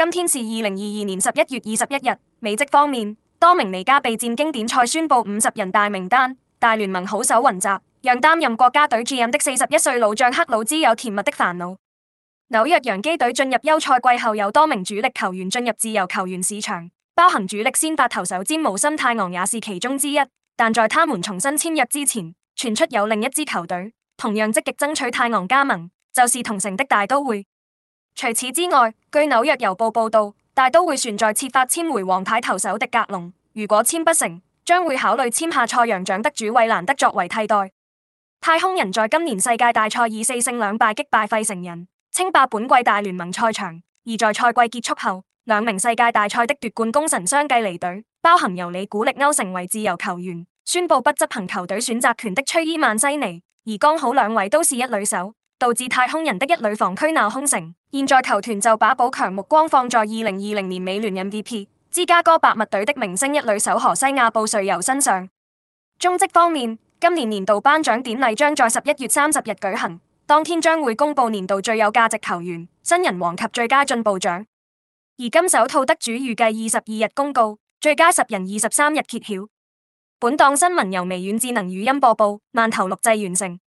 今天是二零二二年十一月二十一日。美職方面，多名多明尼加備戰經典賽，宣布五十人大名單，大聯盟好手雲集，讓擔任國家隊主任的四十一歲老將克魯茲有甜蜜的煩惱。紐約洋基隊進入休賽季後，有多名主力球員進入自由球員市場，包含主力先發投手詹姆森泰昂也是其中之一。但在他們重新簽約之前，傳出有另一支球隊同樣積極爭取泰昂加盟，就是同城的大都會。除此之外，據紐約郵報報道，大都會船在設法簽回王牌投手迪格隆。如果簽不成，將會考慮簽下賽揚獎得主韋蘭德作為替代。太空人在今年世界大賽以四勝兩敗擊敗費城人，稱霸本季大聯盟賽場。而在賽季結束後，兩名世界大賽的奪冠功臣相繼離隊，包含尤里古力歐成為自由球員，宣布不執行球隊選擇權的崔伊曼西尼，而剛好兩位都是一壘手。導致太空人的一壘防區鬧空城。現在球團就把補強目光放在二零二零年美聯 MVP、芝加哥白襪隊的明星一壘手荷西亞布瑞尤身上。中職方面，今年年度頒獎典禮將在十一月三十日舉行，當天將會公布年度最有價值球員、新人王及最佳進步獎。而金手套得主預計二十二日公告，最佳十人二十三日揭曉。本檔新聞由微軟智能語音播報，萬頭錄製完成。